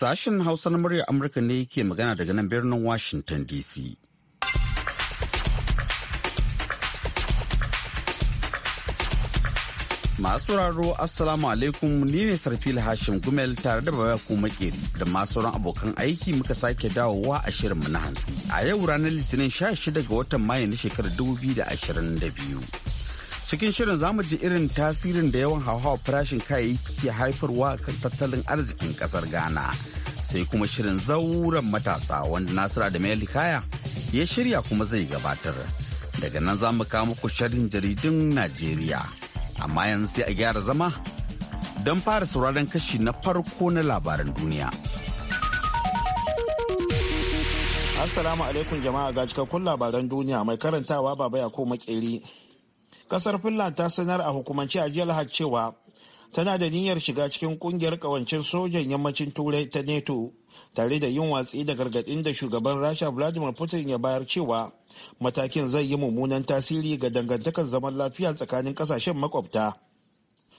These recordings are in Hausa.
Sashen Hausa na murya Amurka ne ke magana daga nan birnin Washington DC. Masu raro Assalamu alaikum ni ne Sarfil Hashim Gumel tare da baya ku makeri da masu ran abokan aiki muka sake dawowa a shirinmu na hantsi. A yau ranar Litinin 16 ga watan Mayu na shekarar 2022. cikin shirin zamu ji irin tasirin da yawan hauhawar farashin kayayyaki ke haifarwa kan tattalin arzikin kasar ghana sai kuma shirin zauren matasa wanda nasira da mai kaya ya shirya kuma zai gabatar daga nan za mu kawo muku shirin jaridun najeriya amma yanzu sai a gyara zama don fara sauraron kashi na farko na labaran duniya assalamu alaikum jama'a ga cikakkun labaran duniya mai karantawa baba ya ko makeri kasar finland ta sanar a hukumance a jiya lahar cewa tana da niyyar shiga cikin kungiyar kawancin sojan yammacin turai ta neto tare da yin watsi da gargadin da shugaban rasha vladimir putin ya bayar cewa matakin zai yi mummunan tasiri ga dangantakar zaman lafiya tsakanin kasashen makwabta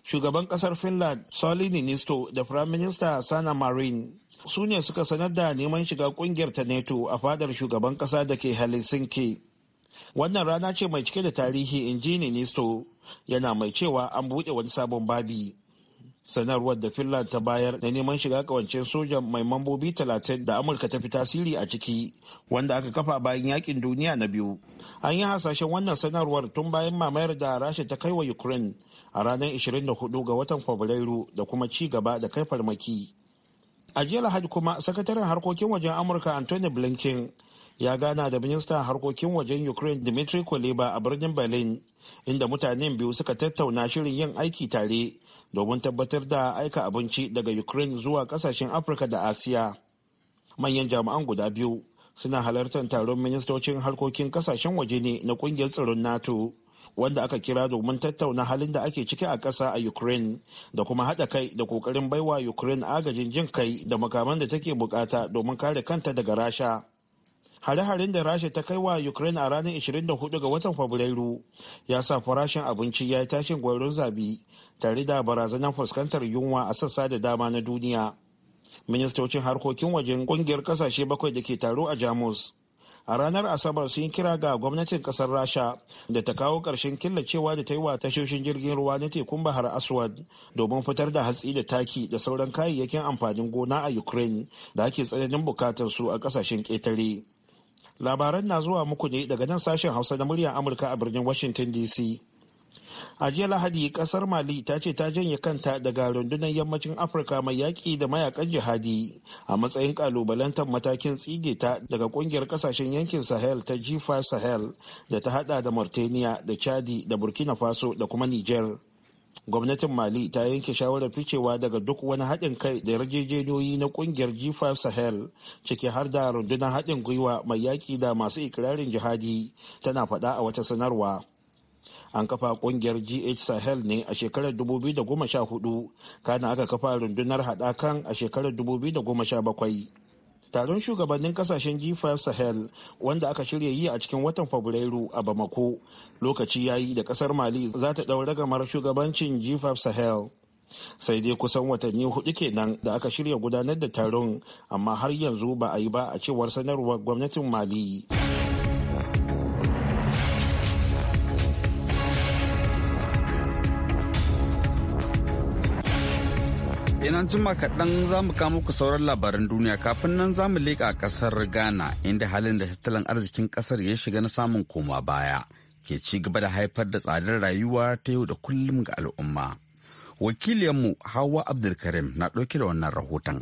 shugaban kasar finland sauli ninisto da prime minister sana marin su ne suka sanar da neman shiga kungiyar ta neto a fadar shugaban kasa da ke helsinki wannan rana ce mai cike da tarihi in ji nisto yana mai cewa an buɗe wani sabon babi sanarwar da finland ta bayar na neman shiga kawancin sojan mai mambobi 30 da amurka ta fi tasiri a ciki wanda aka kafa bayan yakin duniya na biyu an yi hasashen wannan sanarwar tun bayan mamayar da rasha ta kai wa ukraine a ranar 24 ga watan fabrairu da kuma ci gaba da kai farmaki a jiya lahadi kuma sakataren harkokin wajen amurka anthony blinken ya gana da ministan harkokin wajen ukraine dmitry kuleba a birnin berlin inda mutanen biyu suka tattauna shirin yin aiki tare domin tabbatar da aika abinci daga ukraine zuwa kasashen afirka da asiya manyan jami'an guda biyu suna halartar taron ministocin harkokin kasashen waje ne na kungiyar tsaron nato wanda aka kira domin tattauna halin da ake ciki a ƙasa a ukraine da kuma haɗa kai da ƙoƙarin baiwa ukraine agajin jin kai da makaman da take bukata domin kare kanta daga rasha hare-haren da rasha ta kai wa ukraine a ranar 24 ga watan fabrairu ya sa farashin abinci ya yi tashin gwarin zabi tare da barazanar fuskantar yunwa a sassa da dama na duniya ministocin harkokin wajen kungiyar kasashe bakwai da ke taro a jamus a ranar asabar sun kira ga gwamnatin kasar rasha da ta kawo ƙarshen killacewa da ta yi wa tashoshin jirgin ruwa na tekun bahar aswad domin fitar da hatsi da taki da sauran kayayyakin amfanin gona a ukraine da ake tsananin bukatar su a kasashen ƙetare labaran na zuwa muku ne daga nan sashen hausa na muryar amurka a birnin washington dc a jiya lahadi kasar mali ta ce ta janye kanta daga rundunar yammacin afirka mai yaƙi da mayakan jihadi a matsayin kalubalantar matakin tsige ta daga kungiyar kasashen yankin sahel ta g5 sahel da ta hada da mauritania da chadi da burkina faso da kuma niger gwamnatin mali ta yanke shawarar ficewa daga duk wani haɗin kai da yarjejeniyoyi na ƙungiyar g5 sahel ciki har da rundunar haɗin gwiwa mai yaƙi da masu ikirarin jihadi tana faɗa a wata sanarwa an kafa ƙungiyar gh sahel ne a shekarar 2014 kana aka kafa rundunar haɗakan a shekarar 2017 taron shugabannin kasashen g5 sahel wanda aka shirya yi a cikin watan fabrairu a bamako lokaci ya yi da kasar mali za ta ɗau ragamar shugabancin g5 sahel sai dai kusan watanni hudu kenan da aka shirya gudanar da taron amma har yanzu ba a yi ba a cewar sanarwar gwamnatin mali. Ina jima kaɗan za mu kama ku sauran labaran duniya kafin nan za mu leƙa ƙasar Ghana inda halin da tattalin arzikin ƙasar ya shiga na samun koma baya ke ci gaba da haifar da tsadar rayuwa ta yau da kullum ga al'umma. Wakiliyanmu Hawa Abdulkarim na ɗauke da wannan rahoton.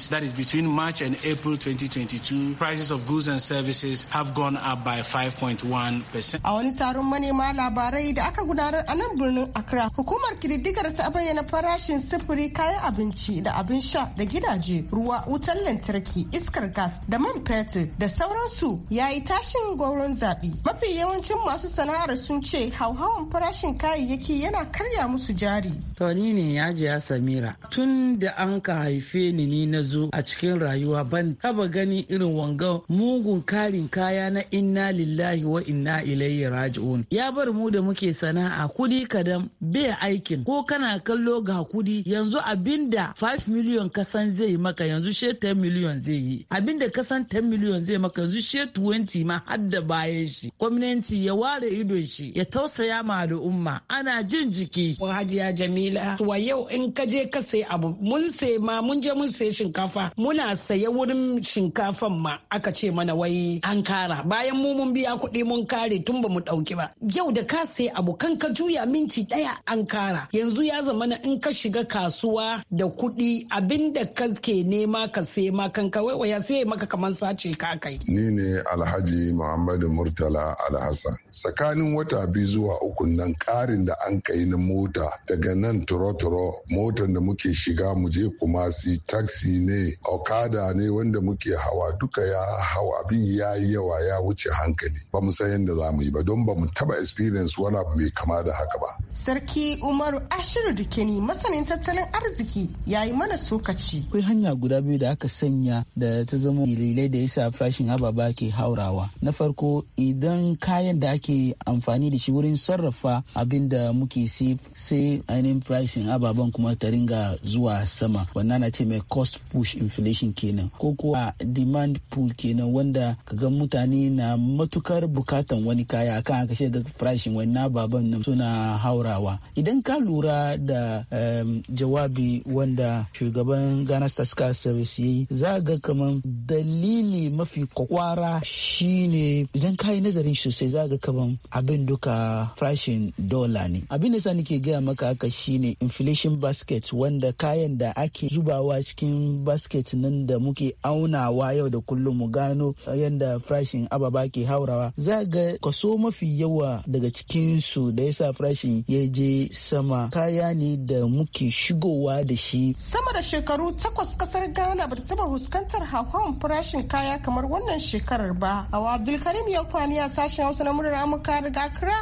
increase, that is between March and April 2022, prices of goods and services have gone up by 5.1%. A wani taron manema labarai da aka gudanar a nan birnin Accra, hukumar kididdigar ta bayyana farashin sufuri kayan abinci da abin sha da gidaje, ruwa, wutar lantarki, iskar gas da man fetur da sauransu ya yi tashin gauron zaɓi. Mafi yawancin masu sana'ar sun ce hauhawan farashin kayayyaki yana karya musu jari. To ni ne Hajiya Samira. Tun da an ka haife ni ni na yanzu a cikin rayuwa ban taba gani irin wanga mugun karin kaya na inna lillahi wa inna ilayhi raji'un ya bar mu da muke sana'a kudi kadan bai aikin ko kana kallo ga kudi yanzu abinda 5 miliyon kasan zai maka yanzu she 10 miliyon zai yi abinda kasan 10 miliyon zai maka yanzu she 20 ma har da bayan shi gwamnati ya ware idon shi ya tausaya ma al'umma ana jin jiki hajiya jamila wa yau in ka je ka sai abu mun sai ma mun je mun sai shinkafa shinkafa muna saye wurin shinkafan ma aka ce mana wai an kara bayan mu mun biya kuɗi mun kare tun ba mu ɗauki ba yau da ka sai abu kan ka juya minti ɗaya an kara yanzu ya zama na in ka shiga kasuwa da kuɗi abin da kake nema ka sai ma kan ka waya sai maka kamar sace ka kai. Ni ne Alhaji Muhammadu Murtala Alhassan. Tsakanin wata biyu zuwa uku nan ƙarin da an kai na mota daga nan turo-turo motan da muke shiga mu je kumasi taxi ne ne okada ne wanda muke hawa duka ya hawa abin ya yi yawa ya wuce hankali ba mu san yadda za mu yi ba don ba mu taba experience wani abu mai kama da haka ba sarki umaru ashiru dukeni masanin tattalin arziki ya yi mana sokaci akwai hanya guda biyu da aka sanya da ta zama dalilai da yasa farashin ababa ke haurawa na farko idan kayan da ake amfani da shi wurin sarrafa abin da muke sai ainihin pricing ababen kuma ta ringa zuwa sama wannan na ce mai cost push inflation kenan ko kuwa demand pool kenan wanda kaga mutane na matukar bukatan wani kaya akan haka shiga farashin wani na baban nan suna haurawa idan ka lura da um, jawabi wanda shugaban Ghana Stars Car Service yi za ga kaman dalili mafi kwakwara shine idan ka yi nazarin sosai za ga kaman abin duka farashin dola ne abin da sa nake gaya maka haka shine inflation basket wanda kayan da ake zubawa cikin basket nan da muke aunawa yau da kullum mu gano yadda farashin ababa ke haurawa za ga kaso mafi yawa daga cikinsu da yasa farashin ya je sama kaya ne da muke shigowa da shi sama da shekaru takwas kasar ghana ba ta taba fuskantar hauhawan farashin kaya kamar wannan shekarar ba a abdulkarim ya kwani a sashen hausa na murar amurka daga accra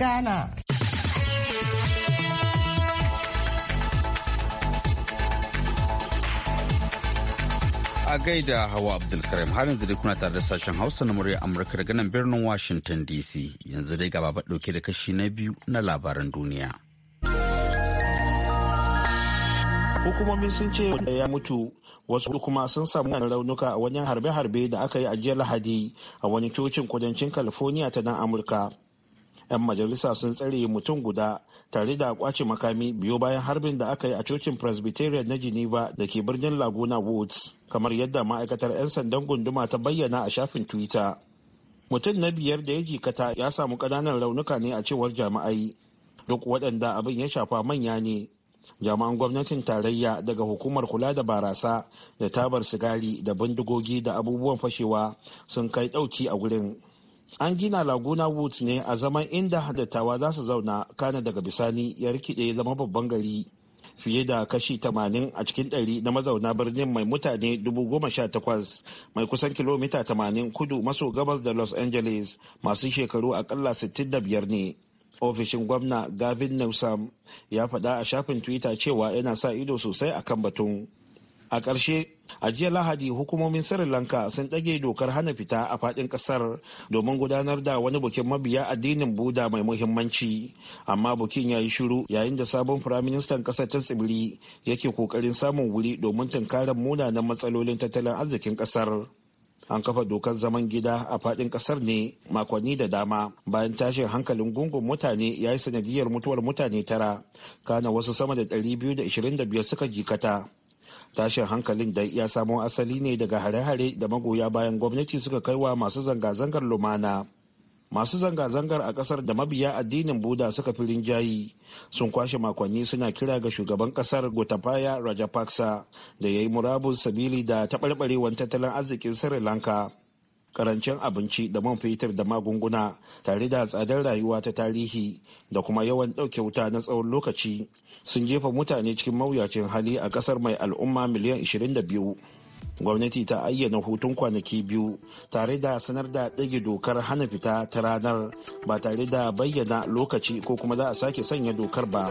ghana a gaida hawa Abdulkarim har yanzu dai kuna tare da sashen Hausa na murya Amurka daga nan birnin Washington DC yanzu dai gaba ɗauke da kashi na biyu na labaran duniya. Hukumomi sun ce wanda ya mutu wasu kuma sun samu raunuka a wani harbe-harbe da aka yi a jiya Lahadi a wani cocin kudancin California ta nan Amurka. 'yan majalisa sun tsare mutum guda tare da kwace makami biyo bayan harbin da aka yi a cocin presbyterian na geneva da ke birnin laguna woods kamar yadda ma'aikatar 'yan sandan gunduma ta bayyana a shafin twitter mutum na biyar da ya jikata ya samu ƙananan raunuka ne a cewar jami'ai duk waɗanda abin ya shafa manya ne jami'an gwamnatin tarayya daga hukumar kula da barasa da tabar sigari da bindigogi da abubuwan fashewa sun kai ɗauki a gurin an gina laguna woods ne a zaman inda hadatawa za su zauna kana daga bisani ya rikide zama babban gari fiye da kashi 80 a cikin ɗari na mazauna birnin mai mutane 18,000 mai kusan kilomita 80 kudu maso gabas da los angeles masu shekaru akalla 65 ne ofishin gwamna gavin newsom ya faɗa a shafin twitter cewa yana sa ido sosai a kan batun a ƙarshe a jiya lahadi hukumomin sri lanka sun ɗage dokar hana fita a faɗin ƙasar domin gudanar da wani bukin mabiya addinin buda mai muhimmanci amma bukin ya yi shiru yayin da sabon firaministan ƙasar ta tsibiri yake ƙoƙarin samun wuri domin tunkarar munanan matsalolin tattalin arzikin ƙasar an kafa dokar zaman gida a faɗin ƙasar ne makonni da dama bayan tashin hankalin gungun mutane ya yi sanadiyar mutuwar mutane tara kana wasu sama da 225 suka jikata tashin hankalin da ya samo asali ne daga hare-hare da magoya bayan gwamnati suka kai wa masu zanga-zangar lumana masu zanga-zangar a kasar da mabiya addinin buda suka fi rinjayi sun kwashe makonni suna kira ga shugaban kasar gotapaya rajapaksa da ya yi murabus sabili da taɓarɓarewar tattalin arzikin sri lanka karancin abinci da man fetur da magunguna tare da tsadar rayuwa ta tarihi da kuma yawan ɗauke wuta na tsawon lokaci sun jefa mutane cikin mawuyacin hali a ƙasar mai al'umma miliyan 22 gwamnati ta ayyana hutun kwanaki biyu tare da sanar da ɗage dokar hana fita ta ranar ba tare da bayyana lokaci ko kuma za a sake sanya dokar ba.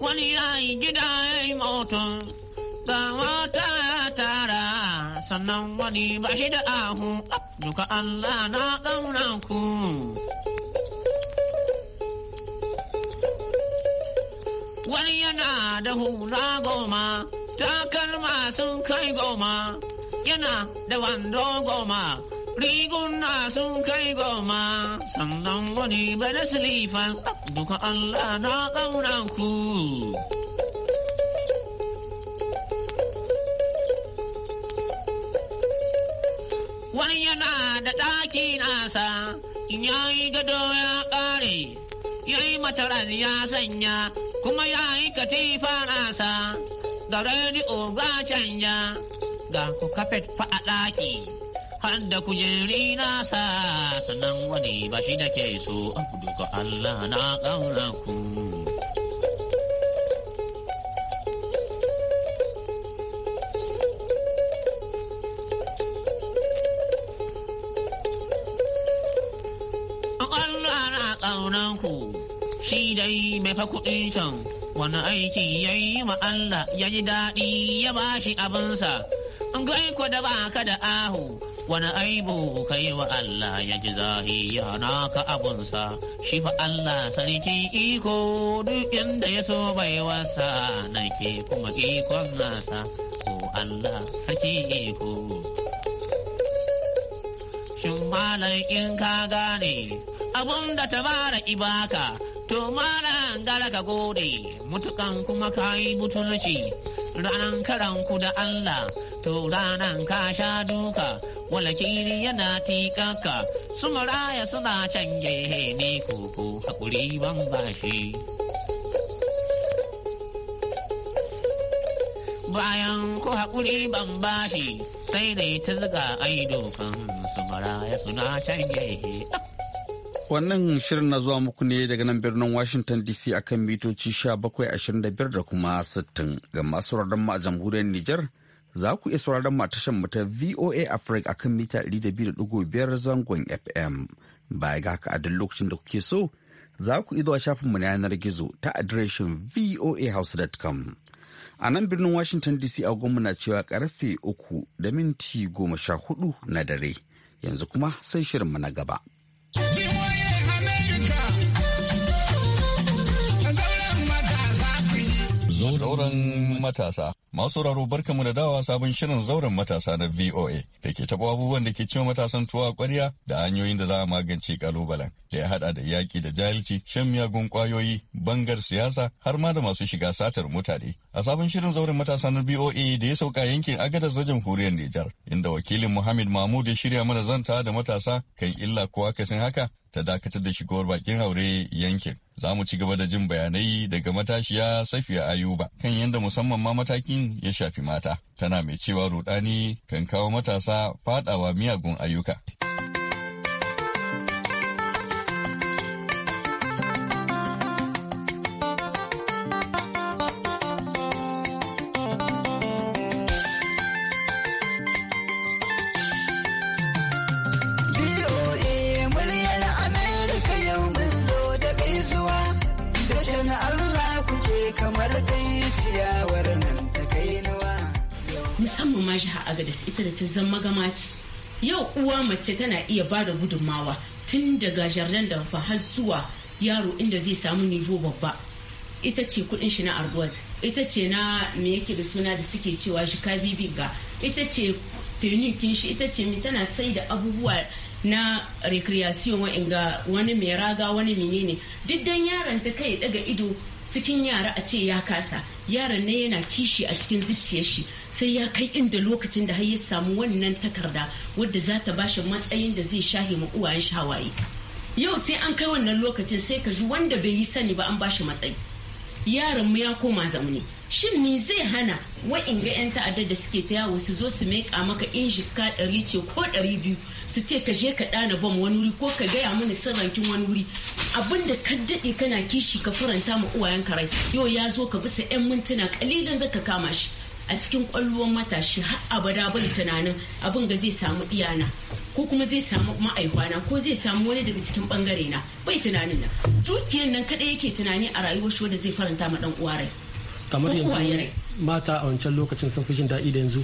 wani ya yi gida ya yi moto mata ya tara sannan wani ba shi da ahu duka Allah na ƙauna ku. Wani yana da hula goma, takalma sun kai goma, yana da wando goma. riguna sun kai goma sannan wani bane silifan duka Allah na ƙauna ku. Wani yana da ɗaki nasa, ya gado ya ƙare, yayi yi mataran ya sanya, kuma yayi katifa nasa, da rediyo ba canja, ga ku kafet fa a ɗaki. hadda kujeri na sa wani ba shi da ke so duka Allah na ƙauna ku. Allah na ƙaunan ku shi dai mai fa kuɗin can wani aiki ya yi ma Allah ya ji daɗi ya ba shi abinsa. Gai da ba ka da ahu wani aibu yi wa Allah ya ji zahiya naka abunsa shi fa Allah sarki iko duk inda ya so bai wasa nake kuma ikon nasa ko Allah sarki iko shin malam in ka gane abun da ta bara ibaka to malam gara ka gode mutukan kuma ka yi butulci ranan karanku da Allah to ranan ka sha duka walakiri yana tikaka su maraya suna canje ne koko haƙuri ban bashi. Bayan ko haƙuri ban bashi sai dai ta zuga aido kan su maraya suna canje Wannan shirin na zuwa muku ne daga nan birnin Washington DC akan mitoci 1725 da kuma 60 ga masu mu a jamhuriyar Nijar. za ku iya sauraron matashan mu ta VOA Africa akan mita 102.5 zangon FM. Baya ga haka a duk lokacin da kuke so, za ku iya zuwa shafin mu na yanar gizo ta adireshin voahouse.com. A nan birnin Washington DC a na cewa karfe uku da minti goma na dare. Yanzu kuma sai shirinmu na gaba. Zauren matasa. Masu raro mu da dawa sabon shirin zauren matasa na VOA da ke taɓa abubuwan da ke cewa matasan tuwa kwarya da hanyoyin da za a magance kalubalen da ya haɗa da yaƙi da jahilci, shan miyagun kwayoyi bangar siyasa har ma da masu shiga satar mutane. A sabon shirin zauren matasa na VOA da ya sauka yankin agadar da jamhuriyar Nijar inda wakilin Muhammad Mahmud ya shirya mana zanta da matasa kan illa ko akasin haka ta dakatar da shigowar bakin haure yankin. Za mu ci gaba da jin bayanai daga matashiya Safiya Ayuba kan yadda musamman ma matakin ya shafi mata. Tana mai cewa rudani kan kawo matasa fadawa miyagun ayyuka. zan magamaci yau uwa mace tana iya ba da gudunmawa tun daga jardin da har zuwa yaro inda zai samu nivo babba ita ce kudin shi na arduaz ita ce na me yake da suna da suke cewa shi ka bibiga ita ce tunikin shi ita ce mi tana sai da abubuwa na recreation ga wani mai raga wani menene duk dan yaron ta kai daga ido cikin yara a ce ya kasa yaran ne yana kishi a cikin zuciyar shi sai ya kai inda lokacin da har ya samu wannan takarda wadda za ta bashi matsayin da zai shahe ma uwayen shi yau sai an kai wannan lokacin sai ka ji wanda bai yi sani ba an bashi matsayi yaran mu ya koma zaune shin ni zai hana wain ga 'yan ta'adda da suke ta yawo su zo su meƙa maka in ka ɗari ce ko ɗari biyu su ce ka je ka ɗana bom wani wuri ko ka gaya mani sirrankin wani wuri abin da ka daɗe kana kishi ka faranta ma uwayen karai yau ya zo ka bisa 'yan mintuna kalilin zaka kama shi a cikin ƙwallon matashi har abada bai tunanin abin ga zai samu iyana ko kuma zai samu ma'aikwana ko zai samu wani daga cikin bangare na bai tunanin na dukiyar nan kaɗai yake tunani a rayuwar shi wanda zai faranta ma dan uwa rai kamar yanzu mata a wancan lokacin sun fi jin daɗi da yanzu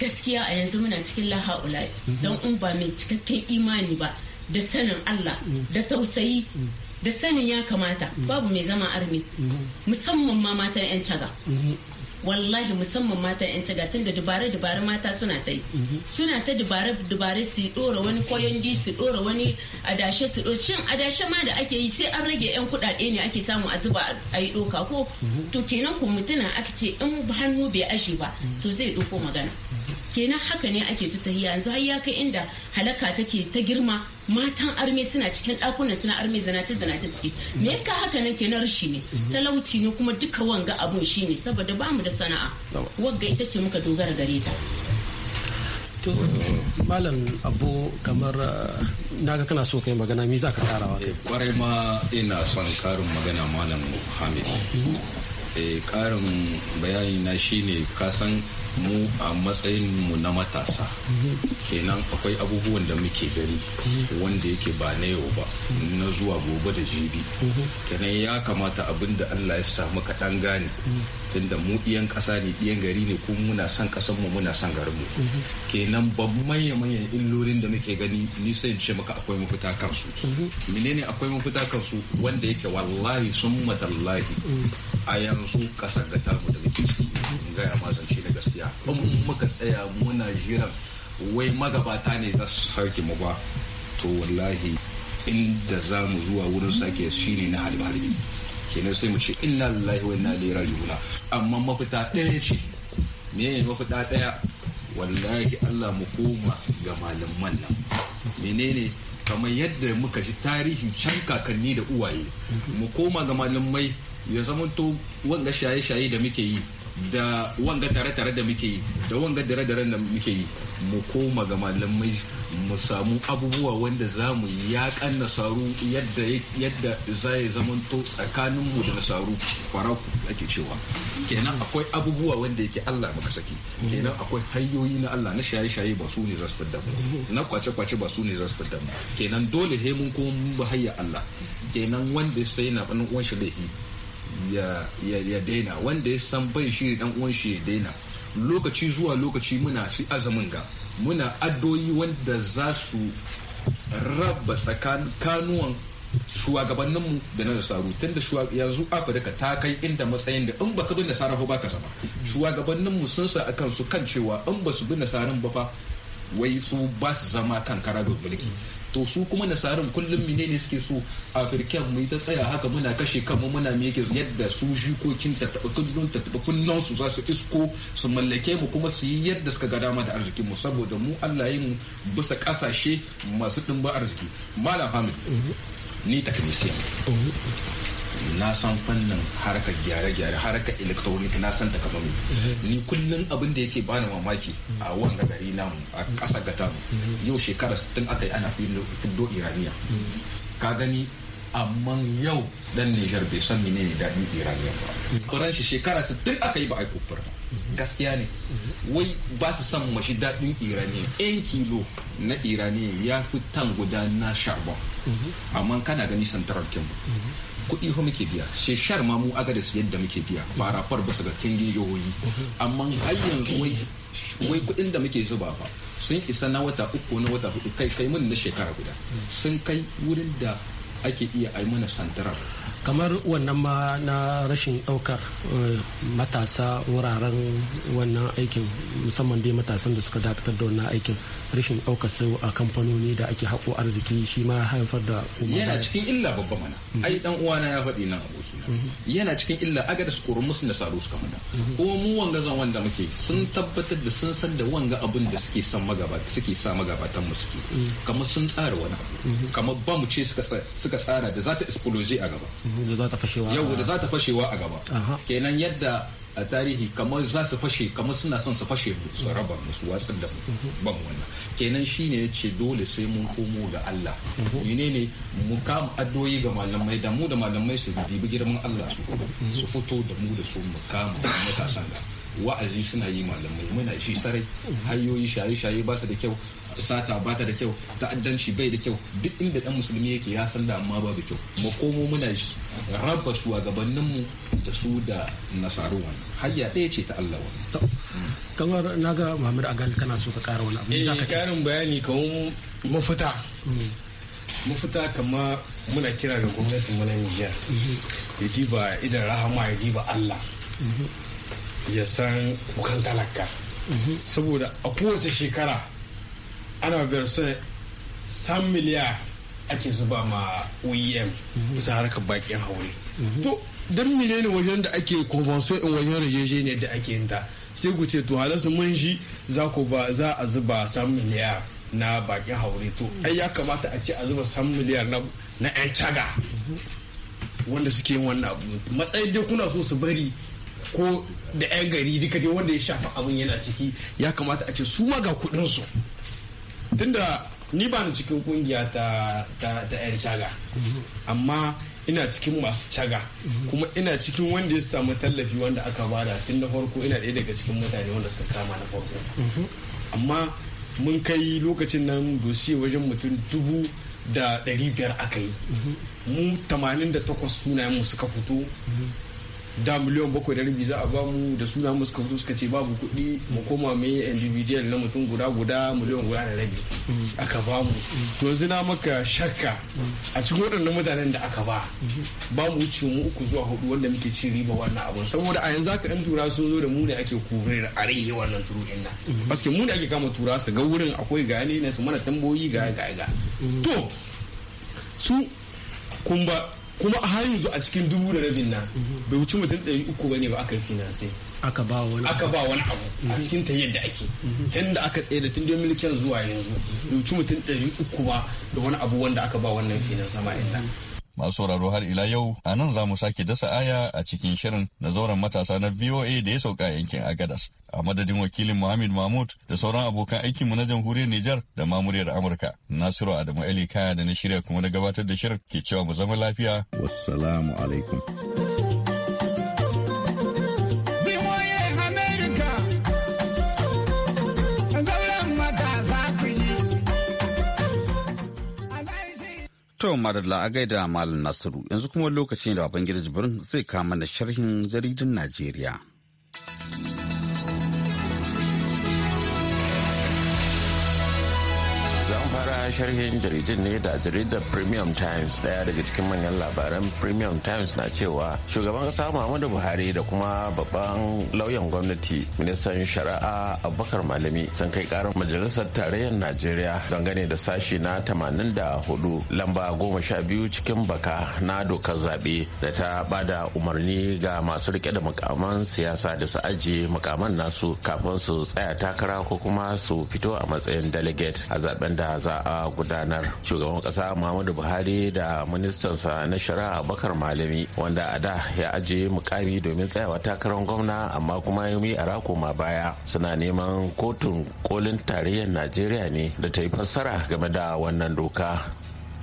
gaskiya a yanzu muna cikin laha'ula mhm. don in ba mai cikakken imani ba da sanin Allah mhm. da tausayi mhm. da sanin ya kamata babu mai zama armi musamman ma matan 'yan caga wallahi musamman mata yan ciga tun da dubare dubare mata suna ta yi mhm. suna ta dubare dubare su dora wani koyon di su dora wani adashe su dora shin adashe ma da ake yi sai an rage yan kudade ne ake samu a zuba a yi doka ko mhm. to kenan ku mutuna aka ce in hannu bai ashe ba to zai doko magana mhm. kenan haka ne ake tattahiya yanzu har ya kai inda halaka take ta girma matan arme suna cikin ɗakunan suna arme zanace zanace suke ne ka haka nan kenan rashi ne talauci ne kuma duka wanga abun shi ne saboda ba da sana'a wagga ita ce muka dogara gare ta to malam abu kamar uh, naga kana so kai magana mi za ka karawa kai eh, kwarai ma ina son karin magana malam hamid karin mhm. eh, bayani na shine kasan mu a matsayin mu na matasa kenan akwai abubuwan da muke gani wanda yake ba na yau ba na zuwa gobe da jibi kenan ya kamata abin da Allah ya samu kaɗan gane tunda mu ɗiyan ƙasa ne ɗiyan gari ne kuma muna son ƙasar mu muna son garin mu kenan ba manya manyan illolin da muke gani ni sai ce maka akwai mafita kansu menene akwai mafita kansu wanda yake wallahi sun matallahi a yanzu ƙasar da tamu da muke ciki in ga ya mazance gaskiya in muka tsaya muna jiran wai magabata ne za su sarki mu ba to wallahi inda za mu zuwa wurin sake shi ne na halibari kenan sai mu ce inna lillahi wa inna ilaihi juna. amma mafita ɗaya ce me mafita ɗaya wallahi Allah mu koma ga malaman nan menene kamar yadda muka ji tarihi can kakanni da uwaye mu koma ga malamai ya zamanto wanga shaye-shaye da muke yi da wanga tare-tare da muke yi da wanga dare-daren da muke yi mu koma ga malamai mu samu abubuwa wanda za mu ya kan nasaru yadda yadda za ya zamanto tsakanin mu da nasaru farau ake cewa kenan akwai abubuwa wanda yake Allah maka saki kenan akwai hanyoyi na Allah na shaye-shaye ba su ne za su fadda mu na kwace-kwace ba su ne za su fadda mu kenan dole he mun kuma mun hayya Allah kenan wanda sai na ɗan uwan shi laifi ya daina wanda ya san bai shi dan uwan shi ya daina lokaci zuwa lokaci muna si azamin ga muna addoyi wanda za su raba tsakanin shugabanninmu da na nasaru tun da yanzu afirka ta kai inda matsayin da in baka bi nasara ba ka zama shugabanninmu sun sa a kansu kan cewa in ba su bi nasarin ba fa wai su ba su zama kan kara mulki to su kuma nasarin kullum mine menene suke so afirken mu ta tsaya haka muna kashe kanmu muna meke yadda su jikokin ta kullum ta su za su isko su mallake mu kuma su yi yadda suka gada dama da arzikin mu saboda mu Allah yin mu bisa kasashe masu dimba arziki malam hamid ni takamisiya na san fannin harkar gyare-gyare harkar electronic na san takamami ni kullum abin da yake bani mamaki a wanga gari namu a kasa gata yau shekara 60 aka yi ana fiddo iraniya ka gani amma yau dan Nijar bai san mene ne daɗin iraniya ba. Kuran shi shekara 60 aka yi ba a Gaskiya ne. Wai ba su san mashi daɗin iraniya. 'Yan kilo na iraniya ya fi tan guda na shagon. Mhm. amma kana gani santarar kin mhm. kuɗi ho muke biya sheshar ma mu aga da agadis yadda muke biya ba mhm. rafar ba ga kingin jihohi amma har yanzu wai wai kuɗin da muke zuba fa sun isa na wata uku na wata hudu kai kai mun na shekara guda sun kai wurin da ake iya ai mana santarar kamar wannan ma na rashin ɗaukar eh, matasa wuraren wannan aikin musamman dai matasan da suka dakatar da wannan aikin rashin daukar su a kamfanoni da ake haƙo arziki shi ma haifar da yana cikin illa babba mana mhm. ai dan uwana ya faɗi nan abokina mhm. yana cikin illa aga da su koru musu na saro suka mana mhm. kuma mu wanga zan wanda muke sun tabbatar da sun san da wanga abin da suke san magabata suke sa magabatan mu suke kamar sun tsara wani abu kamar ba mu ce suka suka tsara da za ta explode a gaba da za ta fashewa yau da za ta fashewa a gaba kenan yadda a tarihi kamar za su fashe kamar suna son su fashe su raba musu watsar da mhm. ban wannan kenan shine ne ce dole sai mun komo ga Allah mhm. menene mu kama addoyi ga malamai da mu da malamai su dibi girman Allah su mhm. su fito da mu da su mu kama matasan ga wa'azi suna yi malamai muna shi sarai hanyoyi shaye-shaye ba su da kyau sata ba ta da kyau ta'addanci bai da kyau duk inda dan musulmi yake ya san da amma ba da kyau makomo muna raba mu da su da nasaru wani. hayya ɗaya ce ta Allah wani kamar na ga Muhammad Agal kana so ka ƙara wani abu ne ka eh, ƙarin bayani kamar mafita mm. mafita kama muna kira ga gwamnatin mu na Nijar mm-hmm. ya diba idan rahama ya diba Allah mm-hmm. ya san kukan talaka mm-hmm. saboda a kowace shekara ana verse san miliya ake zuba ma oem bisa harkar bakin haure mhm. to don menene wajen da ake convention in wajen ne da ake yin ta sai ku ce to halasu mun shi za ku ba za a zuba san miliya na bakin haure to mhm. ai ya kamata a ce a zuba san miliyar na yan caga mhm. wanda suke yin wannan abu matsayin dai kuna so su bari ko da yan gari duka dai wanda ya shafa abin yana ciki ya kamata a ce su ma ga kuɗin su tunda ni ba ni cikin kungiya ta ta yan caga amma ina cikin masu caga kuma ina cikin wanda ya samu tallafi wanda aka bada tun na farko ina ɗaya daga cikin mutane wanda suka kama na farko amma mun kai lokacin nan dosiye wajen mutum dubu da ɗari biyar aka yi mu tamanin da takwas sunayen mu suka fito da miliyan bakwai da rabi za a mu da suna mu suka suka ce babu kuɗi mu koma mai yi individual na mutum guda guda miliyan guda da rabi aka bamu to yanzu maka shakka a cikin waɗannan mutanen da aka ba ba mu wuce mu uku zuwa hudu wanda muke ci riba wannan abun saboda a yanzu haka yan tura sun zo da mu ne ake kure a rage wannan turu ɗin nan paske mu ne ake kama tura su ga wurin akwai gane na su mana tamboyi ga ga ga to su kumba kuma a har yanzu a cikin dubu da rabin nan bai wuce mutum ɗari uku bane ba aka yi finance aka ba wani aka ba wani abu a cikin ta yadda ake yadda aka tsaye da tun da milikin zuwa yanzu bai wuce mutum ɗari uku ba da wani abu wanda aka ba wannan finance ma nan Masu sauraro har ila yau a nan za mu sake dasa aya a cikin shirin na zauren matasa na VOA da ya sauka yankin Agadas. A madadin wakilin Muhammad Mahmud da sauran abokan aikinmu na jamhuriyar Nijar da ma Amurka. Nasiru Adamu Ali Kaya da na shirya kuma na gabatar da shirin ke cewa mu zama lafiya. Wassalamu alaikum. To madalla a gaida Malam Nasiru yanzu kuma lokaci ne da baban gida Jibrin zai kama da sharhin jaridun Najeriya. Zan fara sharhin jaridun ne da jaridar premium times daya daga cikin manyan labaran premium times na cewa shugaban kasa muhammadu buhari da kuma babban lauyan gwamnati ministan shari'a abubakar malami sun kai karar majalisar tarayyar najeriya dangane da sashi na tamanin da hudu lamba goma sha biyu cikin baka na dokar zaɓe da ta bada umarni ga masu rike da mukaman siyasa da su ajiye mukaman nasu kafin su tsaya takara ko kuma su fito a matsayin delegate a zaben da za a gudanar shugaban kasa muhammadu buhari da ministansa na shari'a bakar malami wanda a da ya ajiye mukami domin tsayawa takarar gwamna amma kuma ya a ma baya suna neman kotun kolin tarayyar najeriya ne da ta yi fassara game da wannan doka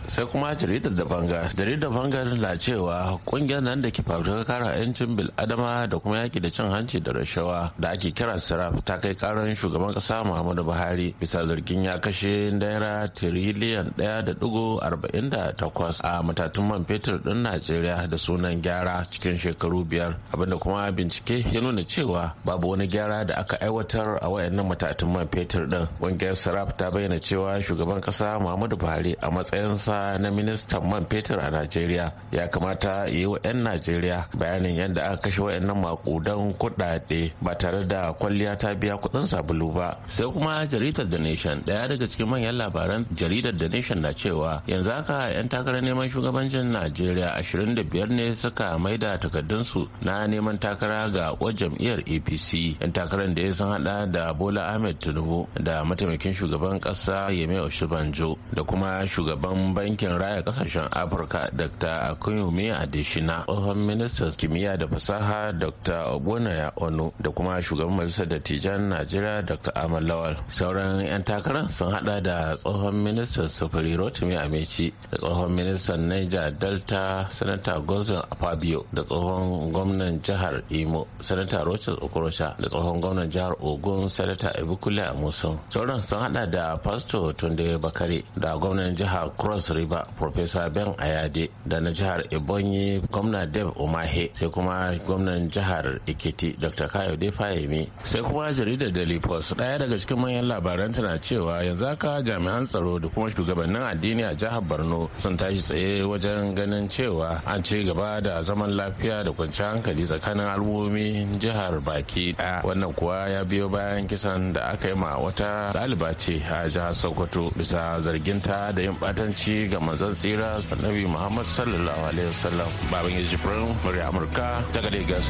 sai kuma jaridar da banga jaridar banga na cewa kungiyar nan da ke fafutukar 'yancin bil adama da kuma yaki da cin hanci da rashawa da ake kira siraf ta kai karan shugaban kasa muhammadu buhari bisa zargin ya kashe naira tiriliyan ɗaya da digo arba'in da takwas a matatun man fetur ɗin najeriya da sunan gyara cikin shekaru biyar abinda kuma bincike ya nuna cewa babu wani gyara da aka aiwatar a wayannan matatun man fetur ɗin kungiyar siraf ta bayyana cewa shugaban kasa muhammadu buhari a matsayinsa na ministan man fetur a najeriya ya kamata ya yi wa 'yan najeriya bayanin yadda aka kashe wayannan makudan kuɗaɗe ba tare da kwalliya ta biya kuɗin sabulu ba sai kuma jaridar the nation ɗaya daga cikin manyan labaran jaridar the nation na cewa yanzu haka 'yan takarar neman shugabancin najeriya 25 ne suka maida takardunsu na neman takara ga kuwa jam'iyyar apc 'yan takarar da ya san hada da bola ahmed tinubu da mataimakin shugaban kasa yemi osibanjo da kuma shugaban bankin raya kasashen afirka dr akunyumi adishina tsohon ministan kimiyya da fasaha dr ogbonaya onu da kuma shugaban majalisar dattijan najeriya dr Ahmad lawal sauran 'yan takarar sun hada da tsohon ministan sufuri rotimi amici da tsohon ministan niger delta sanata goslin fabio da tsohon gwamnan jihar imo sanata rochas okorosha da tsohon gwamnan jihar ogun sanata ebukule amusun sauran sun hada da pastor tunde bakare da gwamnan jihar cross river professor ben ayade da na jihar ebonyi gwamna deb umahe sai kuma gwamnan jihar ikiti dr kayode fahimi sai kuma jaridar daily post daya daga cikin manyan labaran tana cewa yanzu haka jami'an tsaro da kuma shugabannin addini a jihar borno sun tashi tsaye wajen ganin cewa an ci gaba da zaman lafiya da kwanciyar hankali tsakanin al'ummomin jihar baki daya wannan kuwa ya biyo bayan kisan da aka yi ma wata ɗaliba ce a jihar sokoto bisa zarginta da yin batanci ga manzon tsira annabi Muhammad sallallahu alaihi wasallam baban ya jibrin Amurka daga Lagos.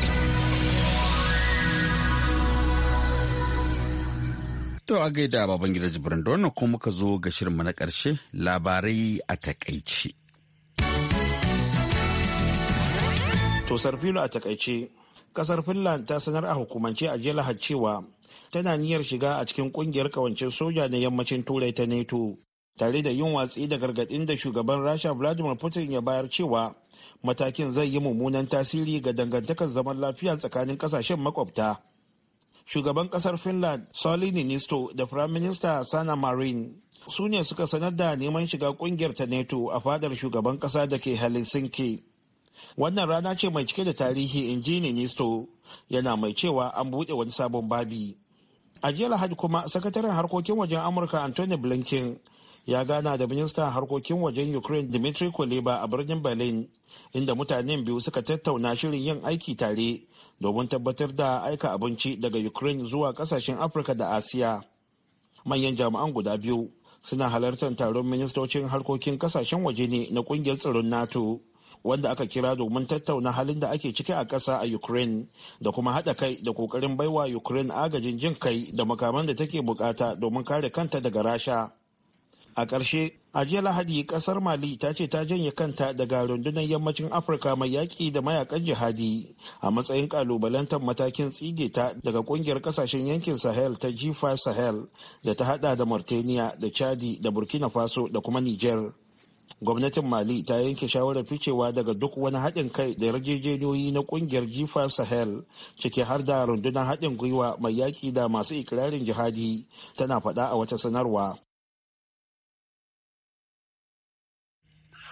To a gaida baban gida jibrin da wannan kuma muka zo ga shirinmu na karshe labarai a takaice. To Sarfilo a takaice, kasar Finland ta sanar a hukumance a jiya cewa tana niyyar shiga a cikin kungiyar kawancin soja na yammacin Turai ta NATO tare da yin watsi da gargadin da shugaban rasha vladimir putin ya bayar cewa matakin zai yi mummunan tasiri ga dangantakar zaman lafiya tsakanin kasashen makwabta shugaban kasar finland sauli ninisto da prime minister sana marin su ne suka sanar da neman shiga kungiyar ta neto a fadar shugaban kasa da ke helsinki wannan rana ce mai cike da tarihi in ji ninisto yana mai cewa an buɗe wani sabon babi a jiya lahadi kuma sakataren harkokin wajen amurka antony blinken ya gana da ministan harkokin wajen ukraine dmitry kuleba a birnin berlin inda mutanen biyu suka tattauna shirin yin aiki tare domin tabbatar da aika abinci daga ukraine zuwa kasashen afirka da asiya manyan jami'an guda biyu suna halartar taron ministocin harkokin kasashen waje ne na kungiyar tsaron nato wanda aka kira domin tattauna halin da ake ciki a ƙasa a ukraine da kuma haɗa kai da ƙoƙarin baiwa ukraine agajin jin kai da makaman da take bukata domin kare kanta daga rasha a ƙarshe a jiya lahadi ƙasar mali ta ce ta janye kanta daga rundunar yammacin afirka mai yaƙi da mayakan jihadi a matsayin ƙalubalantar matakin tsige ta daga ƙungiyar ƙasashen yankin sahel ta g5 sahel da ta hada da mauritania da chadi da burkina faso da kuma niger gwamnatin mali ta yanke shawarar ficewa daga duk wani haɗin kai da yarjejeniyoyi na ƙungiyar g5 sahel ciki har da rundunar haɗin gwiwa mai yaƙi da masu ikirarin jihadi tana faɗa a wata sanarwa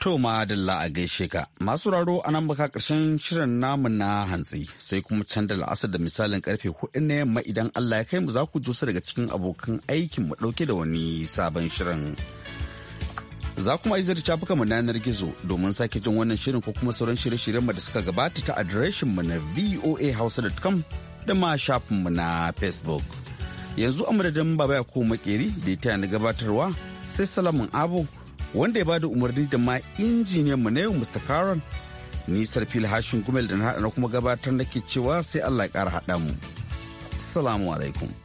To la a gaishe ka masu raro a nan baka karshen shirin namu na hantsi sai kuma can da la'asar da misalin karfe hudu na yamma idan Allah ya kai mu za ku jusa daga cikin abokan aikin mu dauke da wani sabon shirin. Za kuma izar shafukan mu na yanar gizo domin sake jin wannan shirin ko kuma sauran shirye-shiryen mu da suka gabata ta adireshin mu na hausa da ma shafin mu na Facebook. Yanzu amadadin baba ya ko makeri da ya gabatarwa sai salamun abu wanda ya bada umarni da ma injiniyan mu na yau Mr. Karen Ni fil hashin gumel da na na kuma gabatar nake cewa sai Allah ya kara haɗa mu. Salamu alaikum.